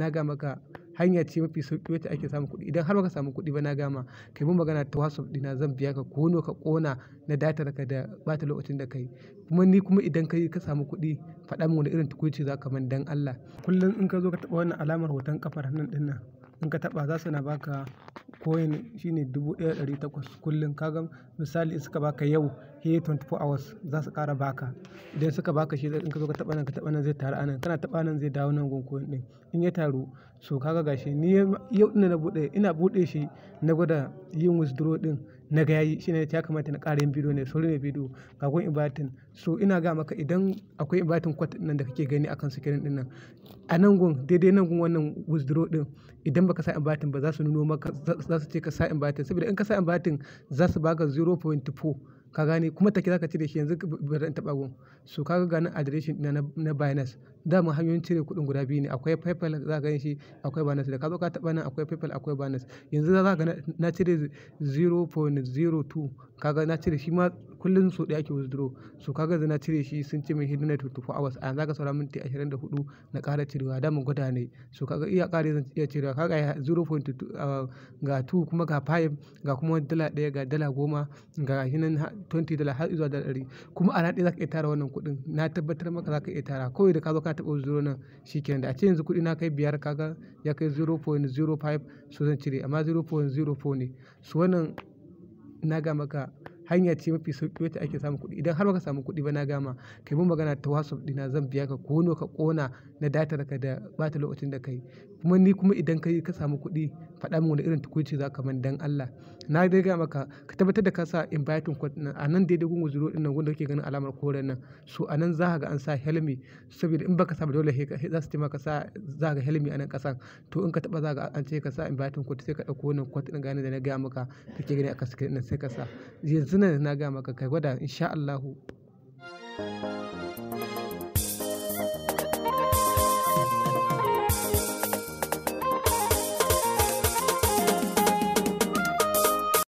Na ga maka hanya ce mafi sauki wacce ake samun kuɗi. Idan har ba ka samu kuɗi ba na gama ma ka mun magana ta wasu dina zan biya ka ko ka kona na data ka da bata lokacin da kai. Kuma ni kuma idan ka yi ka samu kuɗi faɗa min wani irin tukuici za ka man dan Allah. Kullum in ka zo ka taɓa wannan alamar hoton ƙafar hannun ɗin nan in ka taɓa za su na baka. coin shine dubu ɗaya ɗari takwas kullum. Kaga misali in suka baka yau, he 24 hours za su ƙara baka. Idan suka baka shi in ka zo ka taɓa nan, ka taɓa nan zai taru anan Kana taɓa nan zai dawo nan gun ɗin. In ya taru, so kaga ga gashi. Ni yau ina na buɗe, ina buɗe shi na gwada yin withdraw ɗin. na ga yayi shine ya kamata na ƙara yin bidiyo ne sauri rina bidiyo ga gun ibatin so ina ga maka idan akwai ibatin kwat nan da kake gani akan screen din nan a nan gun daidai nan gun wannan withdraw din idan baka sa ibatin ba za su nuno maka za su ce ka sa ibatin saboda in ka sa ibatin za su baka 0.4 Ka gane kuma take za ka cire shi yanzu ba in taɓa gun. So ka ga adireshin ɗina na Binance. mu hanyoyin cire kuɗin guda biyu ne. Akwai PayPal za ka shi, akwai Binance. Da ka zo ka taɓa nan akwai PayPal akwai Binance. Yanzu za ka na cire 0.02 point Ka ga na cire shi ma. kullum so ɗaya ake withdraw so kaga ga na cire shi sun ce min hidden 24 hours a yanzu aka saura minti 24 na ƙara cirewa da mu gwada ne so kaga iya ƙare zan iya cirewa kaga 0.2 ga 2 ah, kuma ga 5 ga kuma dala ɗaya ga dala goma ga hinan 20 dala har zuwa dala ɗari kuma a ɗaya za ka iya tara wannan kuɗin na tabbatar maka za ka iya tara kawai da ka zo ka taɓa withdraw nan shi kenan da a ce yanzu kuɗi na kai biyar kaga ya kai 0.05 so zan cire amma 0.04 ne su wannan na ga maka hanya ce mafi sauki wacce ake samun kuɗi idan har baka samu kuɗi ba na gama kai mun magana ta wasu dina zan biya ka kono ka kona na datar ka da bata lokacin da kai kuma ni kuma idan kai ka samu kuɗi faɗa min wani irin tukuici za ka man dan Allah na dai ga maka ka tabbatar da ka sa inviting code nan a nan daidai gungun zuro dinnan wanda kake ganin alamar koran nan so a nan za ka ga an sa helmi saboda in baka sa dole za su maka sa za ka helmi a nan kasan to in ka taba za ka an ce ka sa inviting code sai ka ɗauko wannan code din gane da na ga maka kake gani a kasa sai ka sa yanzu yanzu nan na ga maka ka gwada insha Allahu